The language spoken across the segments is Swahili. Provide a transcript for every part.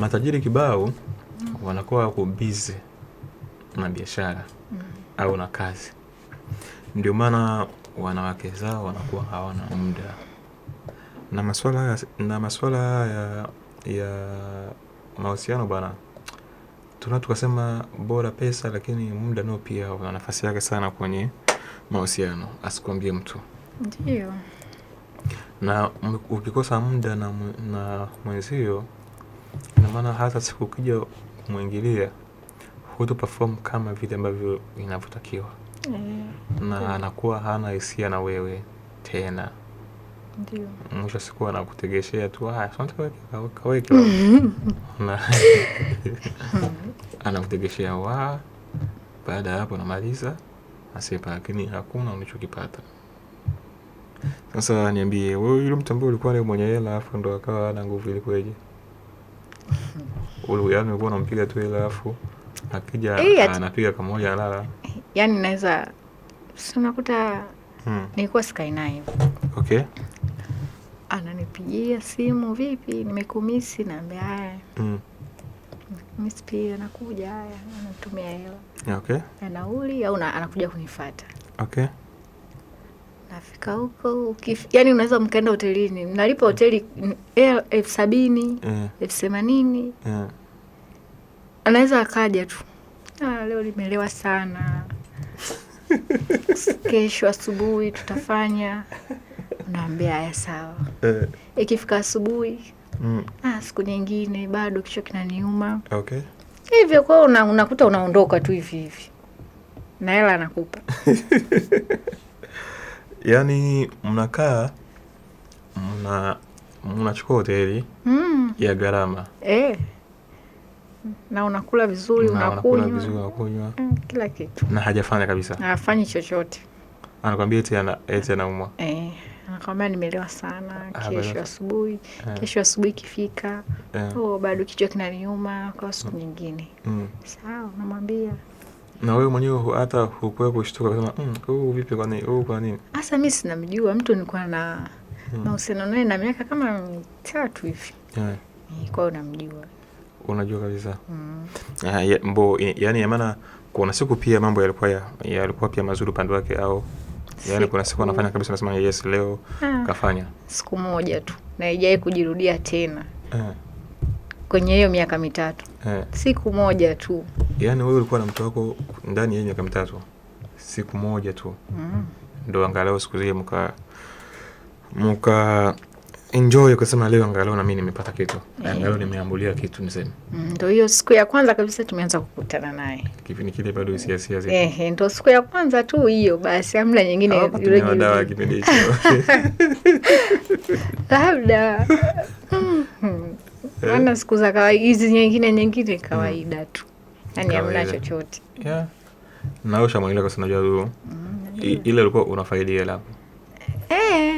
matajiri kibao mm. wanakuwa wako busy na biashara mm. au na kazi, ndio maana wanawake zao wanakuwa hawana muda na maswala na maswala ya ya mahusiano bana, tuna tukasema bora pesa, lakini muda nao pia una nafasi yake sana kwenye mahusiano, asikwambie mtu ndio. Na ukikosa muda na, na mwenzio Ina maana hata siku kija kumwingilia huto perform kama vile ambavyo inavyotakiwa mm. na anakuwa hana hisia na wewe tena ndio mwisho siku anakutegeshea tu haya ah, na hmm. anakutegeshea wa baada ya hapo namaliza asepa lakini hakuna unachokipata sasa niambie wewe yule mtu ambaye ulikuwa naye mwenye hela afu ndo akawa hana nguvu ilikuwaje uliano ulikuwa unampiga tu ile, alafu akija eh, anapiga kamoja lala yani naweza unakuta hmm. Nilikuwa sky naye okay. Ananipigia simu, vipi, nimekumisi, naambia haya hmm. Mimi pia anakuja haya, anatumia hela okay. Na nauli au anakuja kunifuata okay. Nafika huko, yani unaweza mkaenda hotelini, mnalipa hoteli mm, eh, elfu sabini eh. elfu themanini yeah anaweza akaja tu ah, leo limelewa sana, kesho asubuhi tutafanya. Unaambia haya sawa. Eh. Ikifika asubuhi mm. ah, siku nyingine bado kichwa kinaniuma okay. Hivyo kwa una, unakuta unaondoka tu hivi hivi na hela anakupa yaani mnakaa mna mnachukua hoteli mm. ya gharama eh na unakula vizuri, unakunywa vizuri, unakunywa mm, kila kitu, na hajafanya kabisa, hafanyi chochote. Anakwambia eti ana eti anaumwa eh, anakwambia nimelewa sana, ah, kesho asubuhi, eh. kesho asubuhi ikifika, eh. oh, bado kichwa kinaniuma kwa siku mm. nyingine. Mm. Sawa, namwambia na wewe mwenyewe hata hukuwa kushtuka kusema huu vipi, kwani huu kwa nini? Hasa mimi sinamjua mtu, nilikuwa na mahusiano naye na miaka kama mitatu hivi, eh. kwa hiyo namjua unajua kabisa mm. Uh, ya, mbo yani yamaana kuna siku pia mambo yalikuwa ya, yalikuwa pia mazuri upande wake au yani siku. Kuna siku anafanya kabisa nasema yes leo ah, kafanya siku moja tu na haijai kujirudia tena eh. Kwenye hiyo miaka mitatu eh, siku moja tu yani wewe ulikuwa na mtu wako ndani ya miaka mitatu siku moja tu mm. Ndo angalau siku zile mka mka enjoy kusema leo angalau nami nimepata kitu yeah. Angalau nimeambulia kitu niseme. Mm, ndio hiyo siku ya kwanza kabisa tumeanza kukutana naye. Kipindi kile bado hisia hisia zetu. Eh, ndio siku ya kwanza tu hiyo basi, amla nyingine yule yule. Dawa kipindi hicho. Labda. ana siku za kawaida hizi nyingine nyingine mm. kawaida tu. Yaani amla chochote. Yeah. Naosha mwili kwa sababu najua mm, ile ilikuwa unafaidia hapo. Eh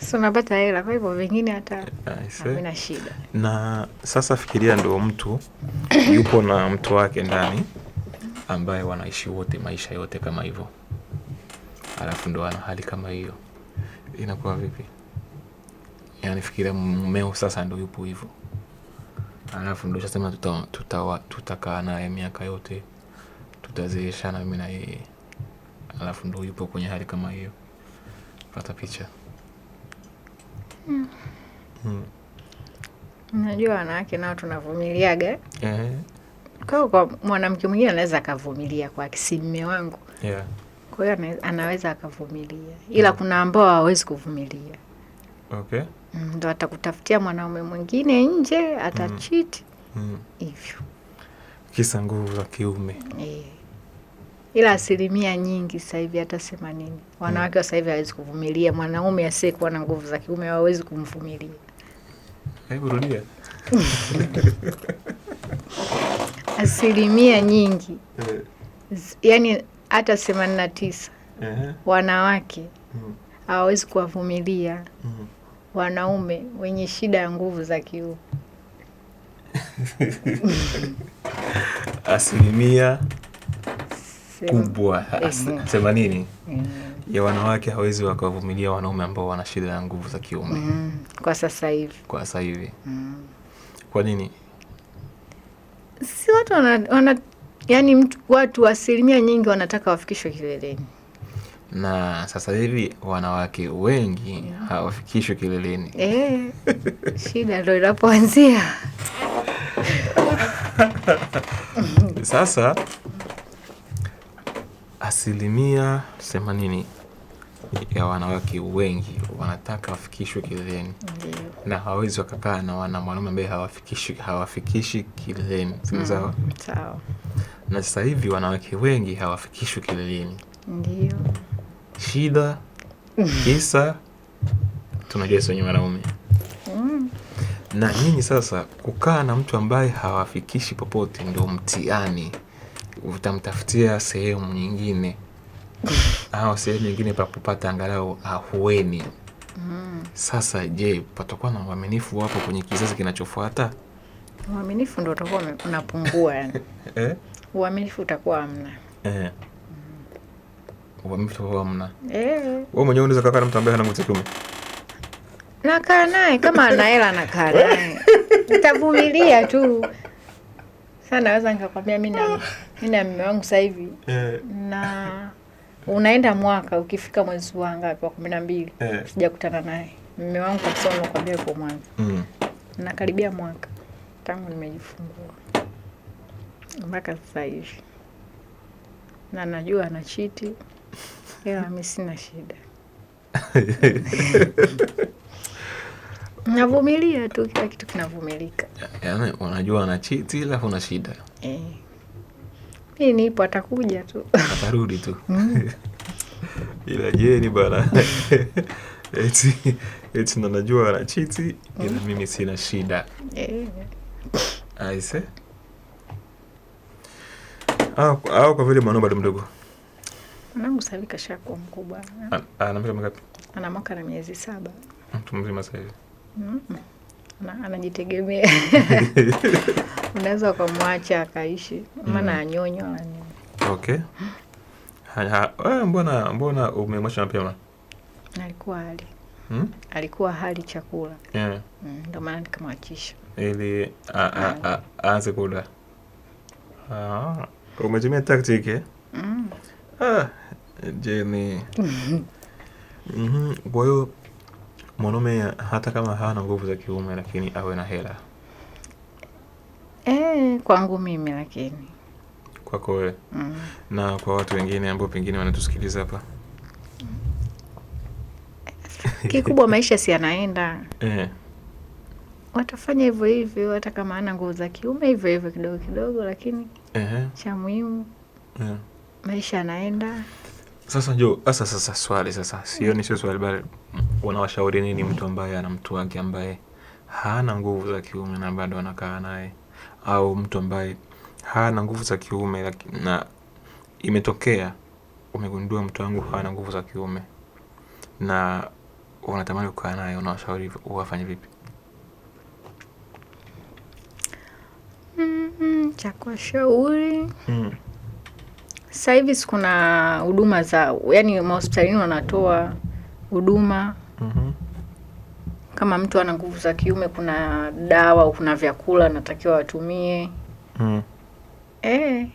si unapata hela, kwa hivyo vingine hata eh, eh, hamna shida. Na sasa fikiria, ndo mtu yupo na mtu wake ndani ambaye wanaishi wote maisha yote kama hivyo, alafu ndo ana hali kama hiyo, inakuwa vipi? Yani fikiria mmeo sasa ndo yupo hivyo, alafu ndo shasema tutakaa tuta, tuta naye miaka yote tutazeeshana mimi na yeye, alafu ndo yupo kwenye hali kama hiyo, pata picha. Mm. Mm. Unajua wanawake nao tunavumiliaga. Eh. Kwa kwa mwanamke mwingine anaweza akavumilia kwa kisi wangu. Yeah. Kwa hiyo anaweza akavumilia. Ila mm. kuna ambao hawawezi kuvumilia. Okay. ndo atakutafutia mwanaume mwingine nje atachiti. Hivyo. Kisa nguvu za kiume. yeah ila asilimia nyingi sasa hivi hata themanini wanawake wa hmm. sasa hivi hawezi kuvumilia mwanaume asiyekuwa na nguvu za kiume, hawawezi kumvumilia. Hebu rudia. asilimia nyingi eh. yani hata themanini na tisa wanawake hmm. hawawezi kuwavumilia hmm. wanaume wenye shida ya nguvu za kiume. asilimia kubwa themanini eh, eh. eh. ya wanawake hawezi wakawavumilia wanaume ambao wana shida ya nguvu za kiume mm. kwa sasa hivi kwa sasa hivi mm. kwa nini si watu wana, wana yani mtu, watu asilimia nyingi wanataka wafikishwe kileleni na sasa hivi wanawake wengi yeah. hawafikishwe kileleni e, shida ndo inapoanzia sasa asilimia semanini ya wanawake wengi wanataka wafikishwe kileleni na hawawezi wakakaa na wana mwanaume ambaye hawafikishi hawafikishi kileleni mm, sawa na sasa hivi wanawake wengi hawafikishwi kileleni ndio shida kisa tunajesa wenye wanaume mm. na nyinyi sasa kukaa na mtu ambaye hawafikishi popote ndio mtiani utamtafutia sehemu nyingine au sehemu nyingine pa kupata angalau ahueni. Mm. Sasa je, patakuwa na uaminifu wapo kwenye kizazi kinachofuata? Uaminifu ndo utakuwa unapungua yani. Eh? Uaminifu utakuwa hamna. Eh. Mm. Uaminifu utakuwa hamna. Eh. Wewe mwenyewe unaweza kukaa na mtu ambaye hana kiume. Nakaa naye kama ana hela nakaa naye. Nitavumilia tu. Sana naweza nikakwambia mimi na mi na mume wangu sasa hivi eh. na unaenda mwaka ukifika mwezi wa ngapi wa kumi na mbili eh. sijakutana naye mume wangu kabisa, unakwambia yuko Mwanza mm. nakaribia mwaka tangu nimejifungua mpaka sasa hivi, na najua anachiti, ila mi sina shida navumilia tu, kila kitu kinavumilika. Yaani unajua anachiti, ila huna shida eh mimi nipo, atakuja tu atarudi tu ilajeni mm. ila jeni bana eti eti ndo ila mm. mimi sina shida eh. aise au, kwa vile mwanao bado mdogo mwanangu sahivi kuwa mkubwa anamaka ana mwaka na miezi saba mtu mzima sahivi mm anajitegemea unaweza ukamwacha akaishi maana mm. anyonywa Okay. mbona mbona umemwacha mapema? Alikuwa hali hmm? Alikuwa hali chakula yeah. Mm, maana nikamwachisha ili aanze kula. Ah, umetumia taktiki eh? mm. Ah, jeni mm -hmm. Kwa hiyo mwanaume hata kama hana nguvu za kiume lakini awe na hela. E, kwangu mimi lakini kwako wewe mm. na kwa watu wengine ambao pengine wanatusikiliza hapa kikubwa maisha si yanaenda e. watafanya hivyo hivyo hata kama hana nguvu za kiume hivyo hivyo kidogo kidogo, lakini e. cha muhimu e. maisha yanaenda sasa jo, sasa sasa swali sasa, sioni sio swali bali unawashauri nini mtu ambaye ana mtu wake ambaye hana nguvu za kiume na bado anakaa naye, au mtu ambaye hana nguvu za kiume na imetokea umegundua mtu wangu hana nguvu za kiume na unatamani kukaa naye, unawashauri uwafanye vipi? Mm, cha kuwashauri Mm. Sasa hivi kuna huduma za yani, mahospitalini wanatoa huduma mm -hmm. Kama mtu ana nguvu za kiume, kuna dawa au kuna vyakula anatakiwa watumie mm. E.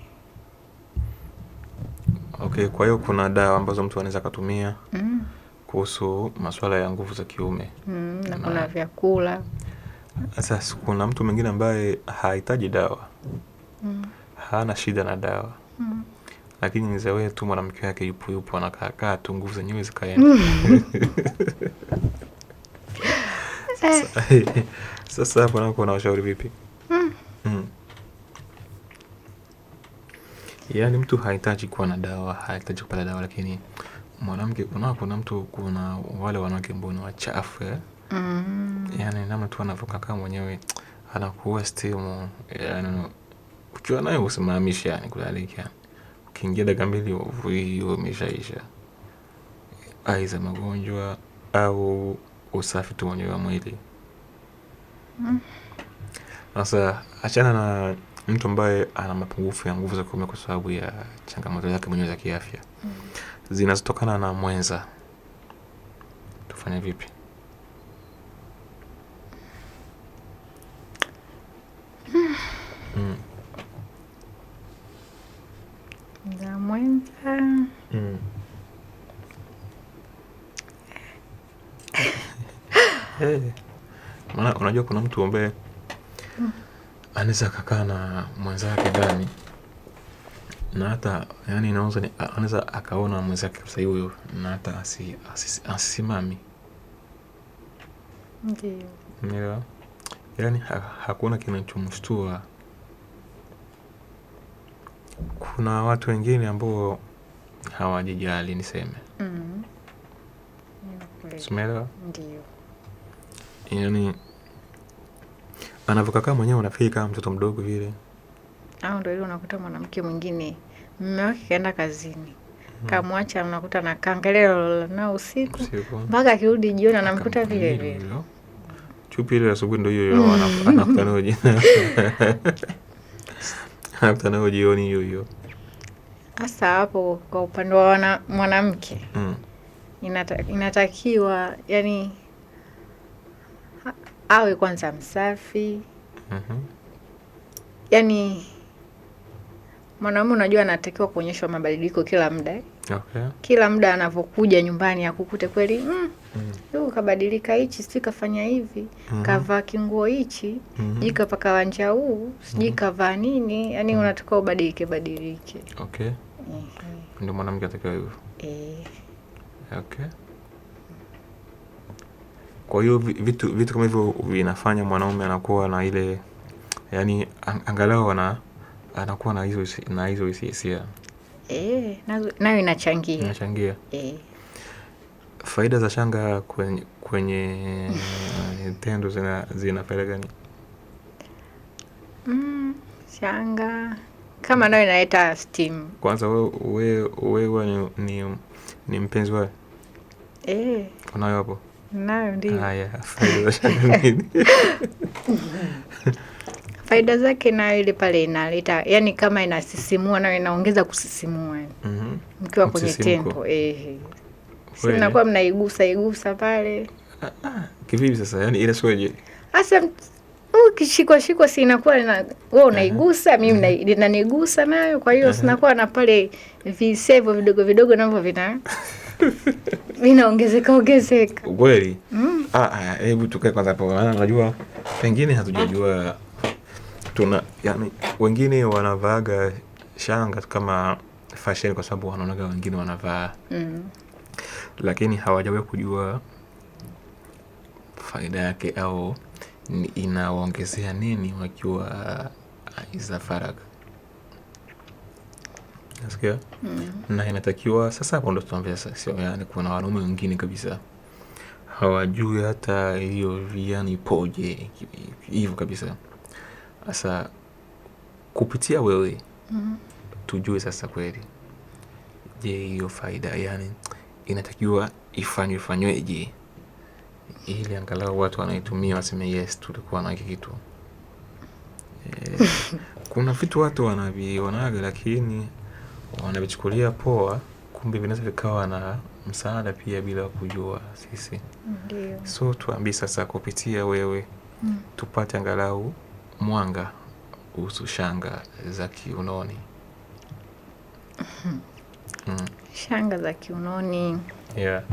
Okay, kwa hiyo kuna dawa ambazo mtu anaweza akatumia mm. kuhusu masuala ya nguvu za kiume mm, na, na kuna vyakula. Sasa kuna mtu mwingine ambaye hahitaji dawa mm. hana shida na dawa lakini mzee tu mwanamke wake yupo yupo anakaakaa tu, nguvu zenyewe zikaenda. Mm. Sasa, hapo nako nawashauri vipi? Mm. Mm. Yaani mtu hahitaji kuwa na dawa, hahitaji kupata dawa, lakini mwanamke kuna kuna mtu kuna wale wanawake mboni wachafu eh? mm. Yaani namna tu anavyokakaa mwenyewe anakuwa stimu, yani eh, ukiwa naye usimamishi, yani kulalikiani ukiingia dakika mbili ovu hiyo imeshaisha, aiza magonjwa au usafi tu mwenyewe wa mwili. Mm. Sasa achana na mtu ambaye ana mapungufu ya nguvu za kiume kwa sababu ya changamoto zake mwenyewe za kiafya mm. zinazotokana na mwenza, tufanye vipi? mm. unajua kuna mtu ambaye hmm. anaweza akakaa na mwenzake ndani na hata yani inaanza anaweza akaona mwenzake kabisa huyo na hata asi, asi, asisimami ndio yani ha, hakuna kinachomshtua kuna watu wengine ambao hawajijali niseme mm. ndio yani Anavyokakaa mwenyewe unafikiri kama mtoto mdogo vile. Au ndio ile unakuta mwanamke mwingine mume wake kaenda kazini hmm. kamwacha unakuta na na usiku mpaka akirudi jioni anamkuta vile vile. Chupi ile asubuhi ndio hiyo hmm. anakuta nayo jioni. Anakuta nayo jioni hiyo hiyo. Hasa hapo kwa upande wa mwanamke mm. Inata, inatakiwa yani awe kwanza msafi mm -hmm. Yaani mwanaume unajua, anatakiwa kuonyeshwa mabadiliko kila muda okay. Kila muda anavyokuja nyumbani akukute kweli mm, mm. Kabadilika hichi sijui kafanya hivi mm. Kavaa kinguo hichi mm -hmm. Kapaka wanja huu sijui mm. Kavaa nini yaani mm. Unatakiwa ubadilike badilike, okay. mm -hmm. Ndio mwanamke atakiwa hivyo eh. okay kwa hiyo vitu, vitu kama hivyo vinafanya mwanaume anakuwa na ile yani angalau ana anakuwa na hizo na hizo hisia e, nayo inachangia inachangia e. faida za shanga kwenye, kwenye tendo zina, zinapeleka gani mm, shanga kama nayo inaleta steam kwanza wewe we, we, we, ni, ni, ni mpenzi wayo e. unayo hapo Nayo ndio. Haya, faida zake nini? Faida zake nayo ile pale inaleta yani, kama inasisimua nayo inaongeza kusisimua mm -hmm. Mkiwa kwenye tempo eh, si mnakuwa mnaigusa igusa pale. Ah, ah, kivipi sasa yani ile hasa ukishikwa shikwa, si inakuwa na wewe unaigusa, mimi inanigusa mhm. nayo, kwa hiyo sinakuwa na pale visevo vidogo vidogo navyo vina vinaongezeka ongezeka kweli. mm. Ah, ah, hebu tukae kwanza, maana unajua pengine hatujajua tuna yani, wengine wanavaaga shanga kama fashion kwa sababu wanaonaga wengine wanavaa mm. lakini hawajawe kujua faida yake au inawaongezea nini wakiwa uh, iza nasikia mm. na inatakiwa sasa, hapo ndo tunaambia yani kuna wanaume wengine kabisa hawajui hata hiyo yani ipoje hivyo kabisa. Sasa kupitia wewe mm. tujue sasa kweli, je, hiyo faida yani inatakiwa ifanywe ifanyweje, ili angalau watu wanaitumia waseme yes, tulikuwa na hiki kitu. E, kuna vitu watu wanavionaga lakini wanavichukulia poa, kumbe vinaweza vikawa na msaada pia bila kujua sisi. Ndiyo. So tuambie sasa, kupitia wewe mm. tupate angalau mwanga kuhusu shanga za kiunoni. mm. Shanga za kiunoni yeah.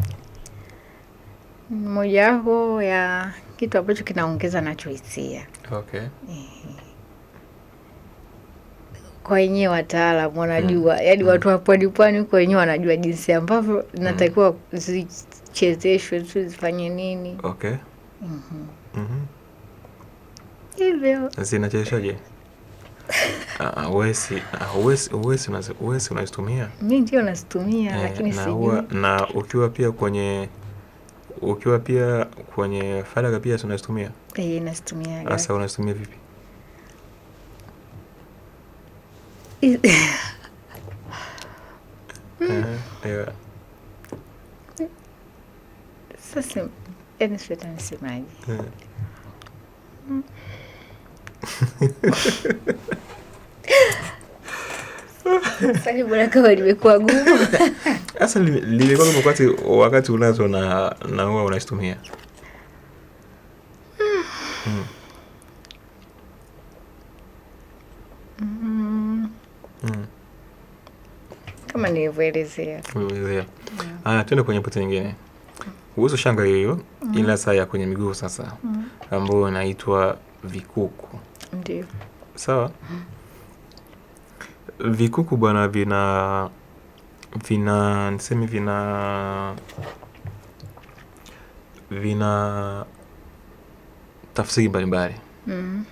mojawapo ya kitu ambacho kinaongeza nacho hisia okay. Eh kwa wenyewe wataalamu wanajua mm. Yaani watu mm. wa pwani pwani huko wenyewe wanajua jinsi ambavyo zinatakiwa mm. zichezeshwe tu zifanye nini. Okay. mm -hmm. mm -hmm. zinachezeshaje? uwesi unazitumia? Mi ndio nazitumia eh, na, ukiwa pia kwenye ukiwa pia kwenye faraga pia unazitumia? Eh, nazitumia. Sasa unazitumia vipi? Sasa yani sitanisemaje? kama limekuwa gumu. limekuwa gumu wakati unazo na na huwa unazitumia ulivyoelezea. Ulivyoelezea. kwenye pote nyingine. Kuhusu shanga hiyo mm. ila saa ya kwenye miguu sasa mm. ambayo inaitwa vikuku. Ndio. Sawa? Mm. Vikuku bwana vina vina niseme vina vina tafsiri mbalimbali mm.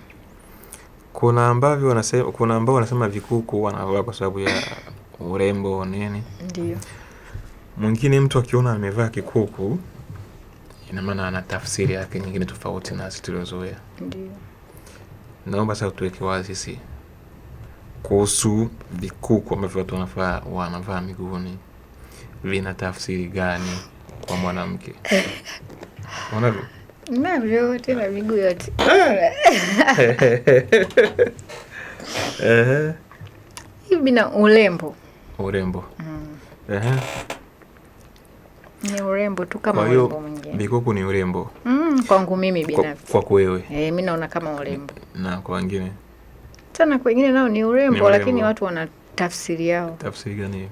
Kuna ambavyo wanasema, kuna ambao wanasema vikuku wanavaa kwa sababu ya urembo nini. Ndio mwingine mtu akiona amevaa kikuku, ina maana ana tafsiri yake nyingine tofauti na sisi tuliozoea. Ndio naomba sasa tuweke wazi si kuhusu vikuku ambavyo watu wanavaa wanavaa miguuni, vina tafsiri gani kwa mwanamke? Unavyo navyo tena miguu yote eh! eh! hii bina urembo urembo mm. Ehe. Ni urembo tu kama urembo mwingine. Mikuku ni urembo mm, kwangu mimi binafsi. Kwa kwewe eh, mimi naona kama urembo na kwa wengine tena, kwa wengine nao ni urembo, lakini watu wana tafsiri yao. Tafsiri gani?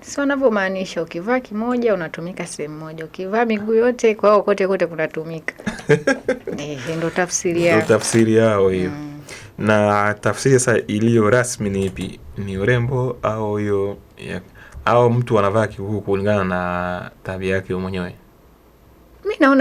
Si wanavyomaanisha. Ukivaa kimoja unatumika sehemu moja, ukivaa miguu yote kwao kote kote kunatumika. Eh, ndio tafsiri yao, ndio tafsiri yao hiyo mm na tafsiri sasa iliyo rasmi ni ipi? Ni urembo au hiyo au mtu anavaa kibubu kulingana na tabia yake mwenyewe? Mi naona